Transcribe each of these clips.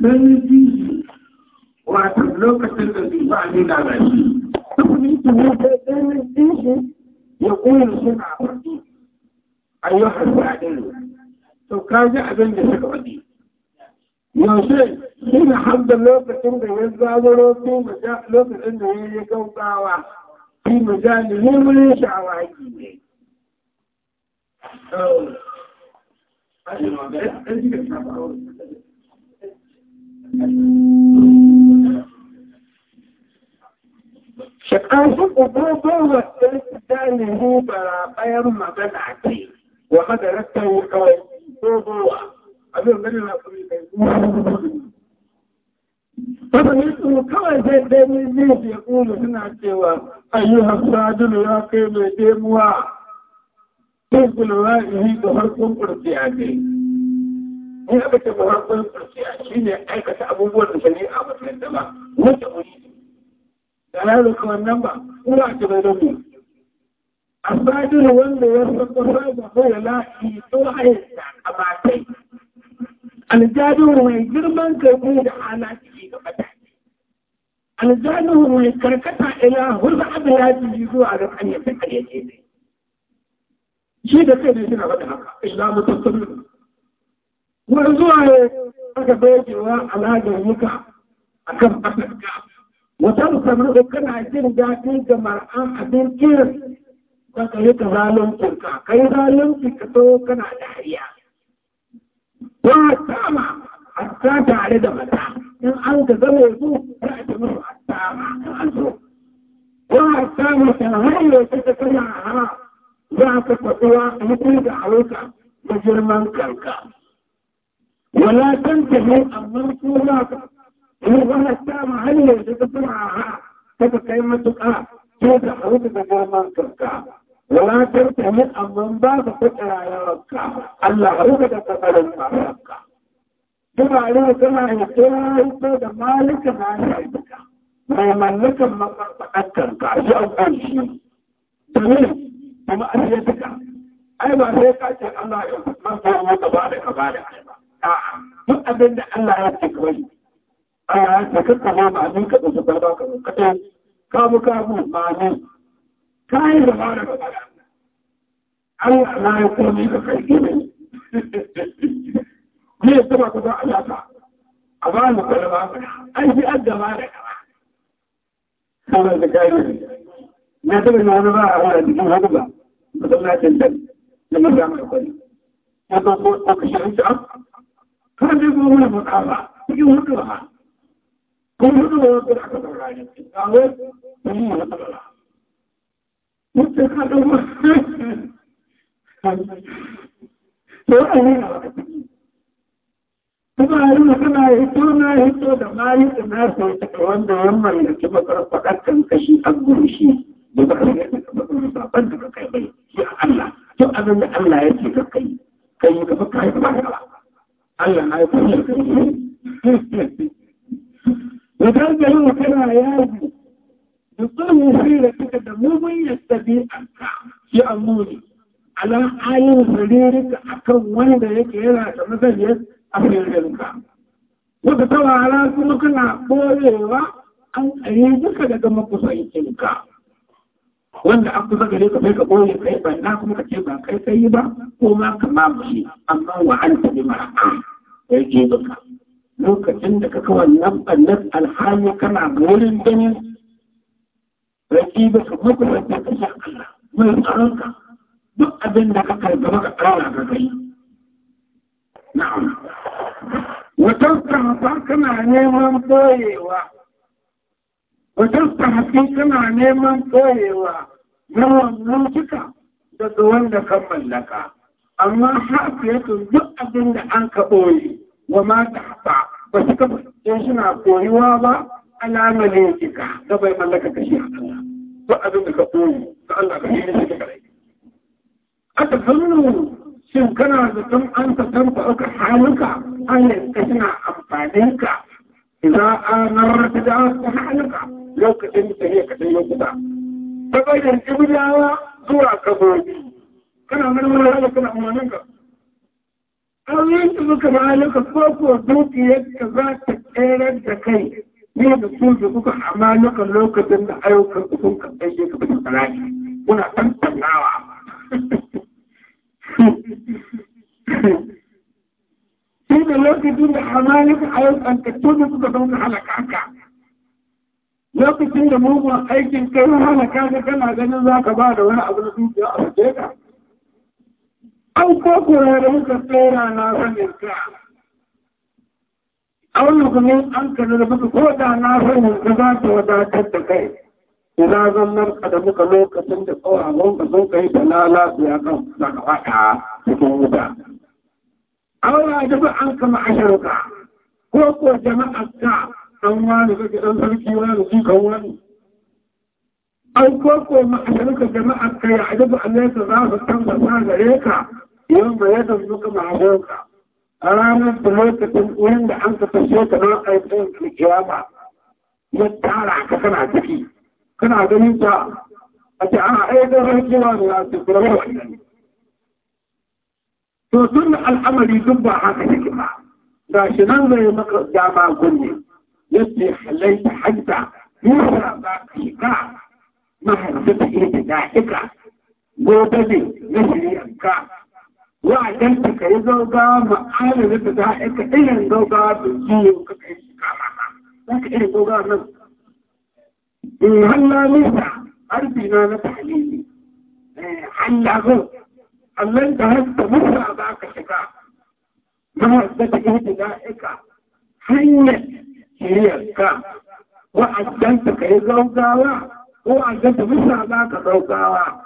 don ji wata lokacin da su ba ni da rashi ya koyar suna faɗi a yi hasadin to kaji abin da suka faɗi yaushe shi na hamda lokacin da ya zaburo fi lokacin da ya yi gaugawa fi majalin wurin sha'awaki ne Shekansu ƙudurin wasan galihu bara bayan magana ce wa madarakta wukawai dogowa abin gani na kuma su kawai zai ɗaya ne ne suna cewa ayyuhar sadulu ya kai mai demuwa دې ګلوای هي د هر کوم پرتیا دي هي به ته هر کوم پرتیا شي نه اګه abubuwan da shari'a ba ta yadda ba wata wuri da na da wannan ba kuma ta bai da mu a sadin wanda ya san kasa da bai la'i to hayyata a batai aljadu mai girman kai da halaki ga mutane aljadu mai karkata ila hulba abin da ji zuwa ga hanyar da kare ne shi da kai ne suna faɗin haka illa mutasabbirin wani zuwa ne aka bayyacewa alaƙar muka a kan fasarka wata musamman kana jin daɗi ga mar'an abin kiran ka ka yi ka zaluncin ka ka yi zaluncin ka so kana dariya ba tama hatta tare da mata in an ka zama yanzu za a ce musu hatta ma an so ba tama ta hanyar ta ta kana hara za ka faɗuwa mutu da hauka da girman kanka. Wala kan ta hau amma su za ka yi halatta ma hanyar da ta tura ha ta ka kai matuƙa ce da hauka da girman kanka. Wala kan ta hau amma ba ka faɗa rayuwarka Allah hauka da ka tsarin rayuwarka. Turare tana yi tsoro da malika na yi mai mallakan mafarfaɗar kanka shi an ƙarshe. Domin بمعرفتك ai ba sai ka ce Allah ya san ko maka ba da ka ba da a'a duk abin da Allah ya ce ka bari Allah ya ce ka ba ma abin ka da ba ka ka ta ka mu ka mu ma ne kai da ba da ba Allah na ya ko ni ka kai ne ne ta ba ka da Allah ta a ba mu ka ba ai bi adda ba da ka ba sai da kai ne na da na ba a wannan duk ba masallacin da na maza mai kwari ta ba ko ta kashe hanci an kan zai kuma wani faɗa ba cikin hudu ba ko hudu ba wata da aka saurari a wai ta yi mana tsarara mutum ka ɗauka to a yi na wata kuma yi na kana hito na hito da mayu da na sauta wanda yamma ya ci bakar faɗakan kashi a gurushi sanye a firinka wata tawara kuma kana ɓorewa an tsaye duka daga makusancinka wanda an kusa gare ka sai ka ɓoye kai banna kuma ka ce ba kai sai yi ba ko ma ka mamaye amma wa an tabi mara'a sai ke duka lokacin da ka kawai nan alhali kana wurin ganin raki da ka makusanta ka sha Allah mai tsaronka duk abin da ka karɓa ka ƙara ka kai Mutum kana neman boyewa, mutum kana neman boyewa na wannan cika daga wanda kan mallaka. Amma hafiyatun duk abin da an ka ɓoye wa mata haɓa ba su kafa na koyuwa ba alamalin cika da bai mallaka kashi a Allah. Duk abin da ka ɓoye, ka Allah ka shi ne shi ka kare. Aka shin kana zaton an ka san faɗaƙa halinka halinka suna amfaninka idan an rarrafi da ta halinka lokacin da tafiya ka ɗan lokuta ta ƙaidar ibidawa zuwa kafofi kana ganin wani halin kana amaninka an yi ta zuka halinka ko ko dukiyarka za ta tserar da kai ne da su da suka amalinka lokacin da ayyukan sun ka ɗan shekaru da tsaraki muna tantannawa Sai da lokacin da hamalin al'antattun da suka zaune halaka ka. Lokacin da mugun aikin kai halaka ka kana ganin za ka ba da wani abu na dukiya a sake ka. An kokura da muka tsera na sanin ka. A wani kuma an kada da muka koda na sanin ka za ta wadatar da kai. ina zan ka da muka lokacin da tsawaron ka sun kai da ya kan da ka faɗa cikin wuta. Aura da ba an kama ashirka ko ko jama'ar ka an wani kake ɗan sarki wani jikan wani. An ko ko ma'ashirka jama'ar ka ya ba Allah ka za su tabbata gare ka yau ba ya zama muka A ranar da lokacin da an ka tashe ka na aikin kiyama ya tara ka kana ciki. kana ganin ta a ce ana aidar rajewa ne a tafiyarwa wannan to tun al'amari duk ba haka yake ba ga shi nan zai maka dama gunne yadda halaita hajja yura ba ka mahaifata ita da ika gobe ne na shiryanka wa'adan ta kai zauga ma'alin da ta da ika irin zauga da jiyo ka kai shi kama za ka irin zauga nan in hallanin eh, da na tali ne hallanin allon da hanta musa ba ka shiga na da ta yi da ga'ika hanyar ta gaugawa ko ta ba ka gaugawa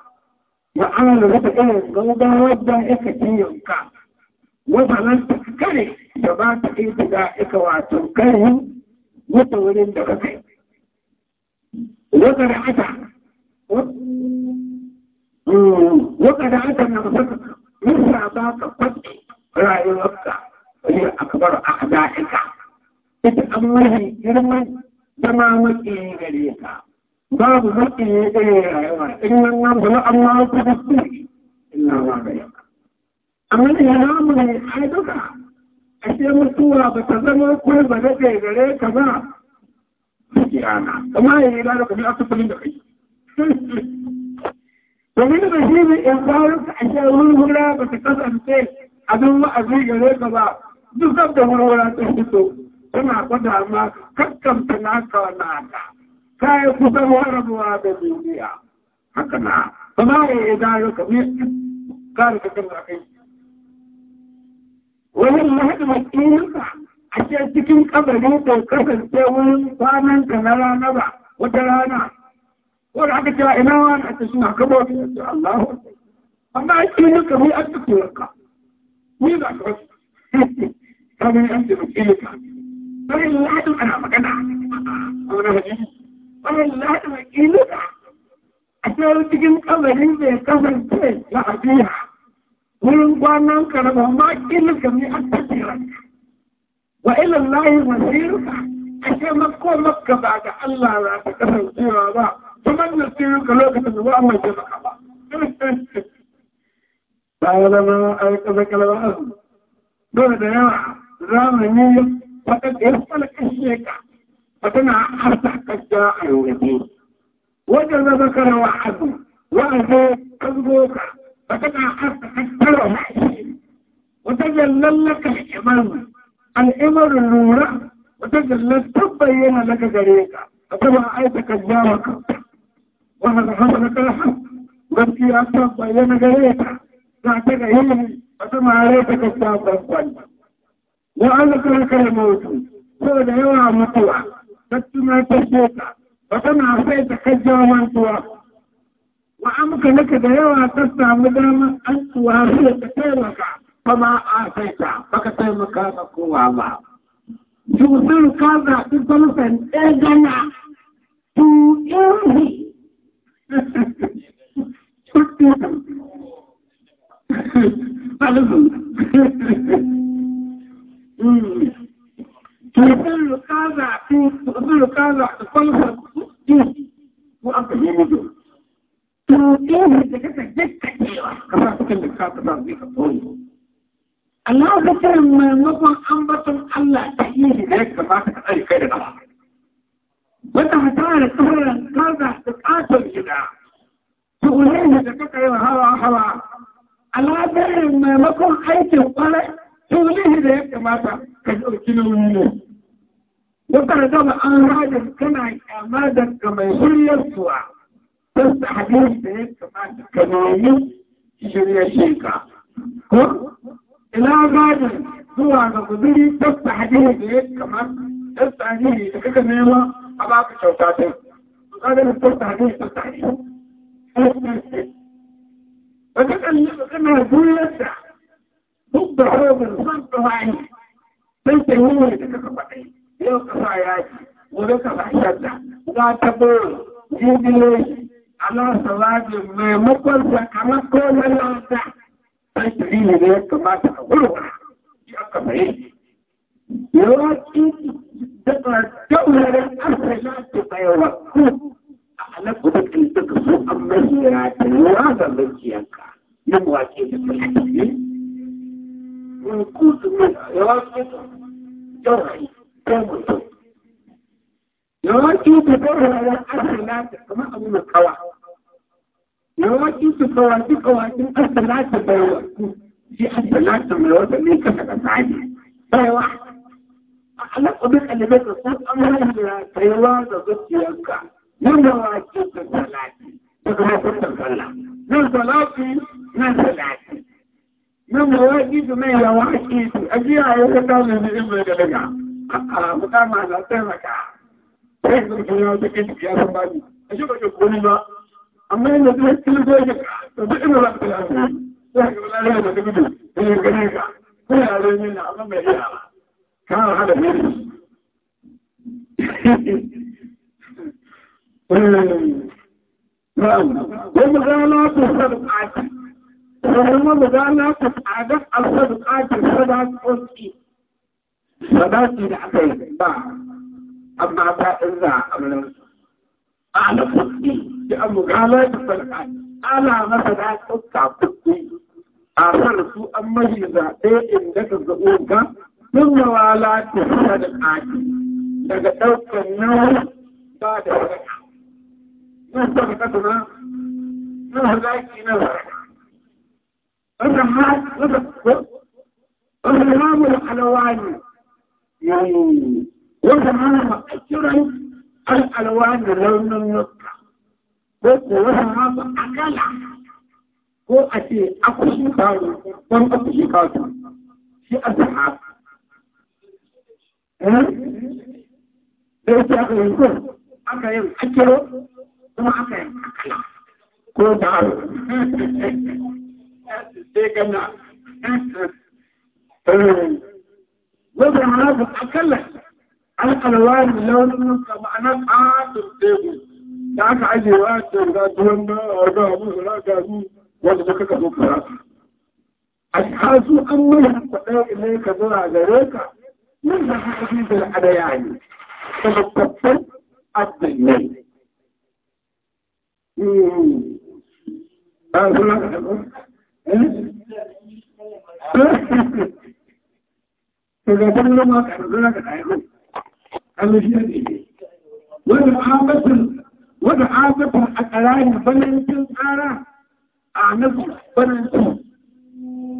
ta ta kare da ba ta yi da ga'ika wato kare wata wurin da ka kai وقد أتى وقد أتى من مثل ذاك فتح رأيك هي أكبر أعدائك إذ أمره جرما تماما إليك باب مكي إليك إن الله لا الله تبصير إلا الله غيرك أما الإعلام من عيدك أشياء مستورة بتزمن كل بدأت إليك ما kiyama amma ya yi lalata kuma aka fulin da kai domin da shi ne in faru ka ashe wurwura ba ta kasance abin wa'azi gare ka ba duk zab da wurwura ta fito tana gwada ma kakkanta naka wa naka ka yi kusan warabuwa da duniya haka na kuma ya yi lalata kuma ka rika kan rakai wani mahadin makininka ashe cikin kabari bai kasance wurin kwanan ka na rana ba wata rana wanda aka cewa ina wani ake ta suna kaba yanzu Allahu amma a cikin nuka mai an tafi wanka ni ba ka wasu kamar an tafi kilika Wani ladin ana magana a wani hadisi kamar ladin a kilika a cikin cikin kabari bai kasance na abiya wurin kwanan ka na ba ma kilika mai an tafi wanka وإلى الله المصير عشان مذكور مكة بعد الله لا تكفل سيرا با فمن نسير كلوك تنوى ما جبك با فهذا ما أيك ذكر بعض دور دياء رام فقد يفعل كشيك فتنع أفتح كشاء الوزين ذكر وحد وأذى قلبوك فتنع أفتح كشاء الوزين وتجلل لك الإيمان al'imar lura wata gallar tabbayyana daga gare ka a taba aikata jawa ka wanda hamar karfa gaskiya tabbayyana gare ka za ta ga yi a taba aikata kasuwa kwakwani ya an karkar mutu ko da yawa mutuwa ta tunatar ka ba tana sai ta kajjawa mantuwa wa amka naka da yawa ta samu damar an tuwa su ta taimaka kama ataita bakasema kama kuwaba tuusuru kaza tutolusen egana tuuhi tuusuru kaza tutolusen tuhulayinka da ka wa hawa hawa alabarin maimakon aikin kwarai tuhulihi da ya kamata ka ɗauki nauyi ne وقد طبعا راجل كما أمادك كما يقول يسوع بس حديث بيت كما كنومي شريا شيكا إلى راجل هو قدري بس حديث بيت كما بس حديث كما يلا أباك شوكاتي هذا بس حديث بس حديث كما يقول يسع ضد عروض الخلق وعين ليس هو يوقف عياتي ويوقف عشدة لا تقول جيب لي على صلاة مقل فكما كل الأرض ليس فيه ليك ما تقولها يوقف عياتي يوقف دقل دولة الأرض لا تقيوه نوازن بجيانكا نمواجه لفلسطين ونقود من يواجه جرعي كامل يواجه تدور على أسلات كما أقول القواعد يواجه تقواعد قواعد أسلات تدور في أسلات تدور من كسبت عادي فيواحد أحلق بك اللي بيت الصوت أمرها لطيوان ضد يانكا tambaya wa ake su a jiya ya ga dalin da in bai da daga a mutama na taimaka sai su ke yau da kin ya san bani a shi ba ke koli ba amma yanda zai kili zai ga to duk inda za ka tafi sai ga wala da gudu sai ga gare ka sai a rai ne amma bai iya ka hada ne wannan na'am wa mazalatu sadqati zama mu za na ta tsadar asar kajin sadakoki sadaki da aka yi ba amma ta in za a amurin su ala kuɗi da amu gala da sarka ala masa da tsakka kuɗi a an mahi zaɓe in daga zaɓo ga sun mawala ta sadaka daga ɗaukar nawa ba da sarka. Nan sarka na sarka. أبرهام أبرهام الألوان يعني وزمان مؤثرا الألوان لون النطق وزمان أقل ko a ce a kushin kawo don a kushin kawo shi a sahab eh sai ta ga yanzu aka yin akiro kuma aka yin akala ko da sai na wajen munafik akalla an kalwari launin ka ma'ana ƙasar tegu da aka ajiye wa ce ga duwan na arba abu da raka su wanda suka kaso karatu a shasu an mana kwaɗa ilai ka zura gare ka nan da haka fi da adaya ne ta babbar abdin ne. to da kullum ma ka zura ka tayi ko Allah shi ne wanda abatun wanda abatun a karayin banancin tsara a nasu banancin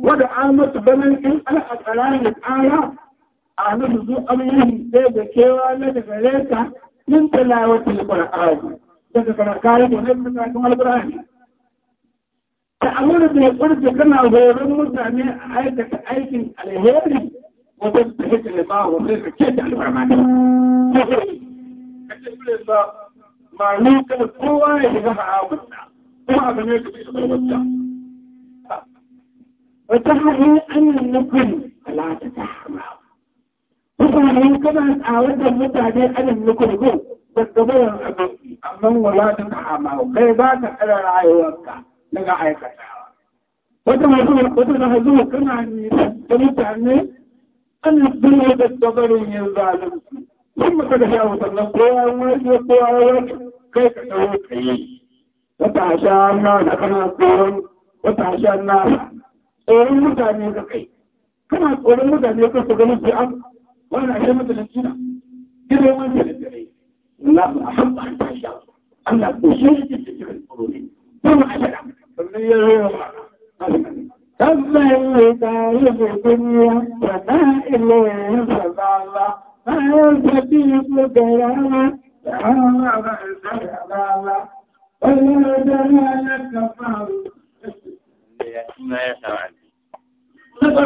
wanda amatu banancin a karayin tsara a nasu zu amini sai da kewa na daga reta min tilawatul qur'ani daga karatun wannan na kuma alqur'ani تعمل بالقرب كما غيرون مدعني عايزك أيكن الهيري وتستحق لما وخير كيف تعلم عماني كتب لله معلوك القوة يجب عاودنا وما أبنيك بإخبار وجه وتعلم أن النكل لا تتحمل وتعلم كما تعود المتعني أن النكل هو بالضبط الأمر أمن ولا تتحمل كيف تعلم عايوك daga aikatawa wata masu wata da hazuwa kana ne da mutane an yi duniya da tsabarin yin zalunci sun maka da shawo sannan kowa wani ya kowa wani kai ka ɗau ka yi wata sha na da kana tsoron wata sha na tsoron mutane ka kai kana tsoron mutane ka su gani su an wani ashe mutalanci na gidan wani da dare Allah ba a haɓɓa ta sha Allah ko shi ne ke cikin tsoro ne kuma a shaɗa تبا لدارب الدنيا فما إليه فضالا ما يستطيع دراما تعالى رأس حلالا ولا دلالة فعلا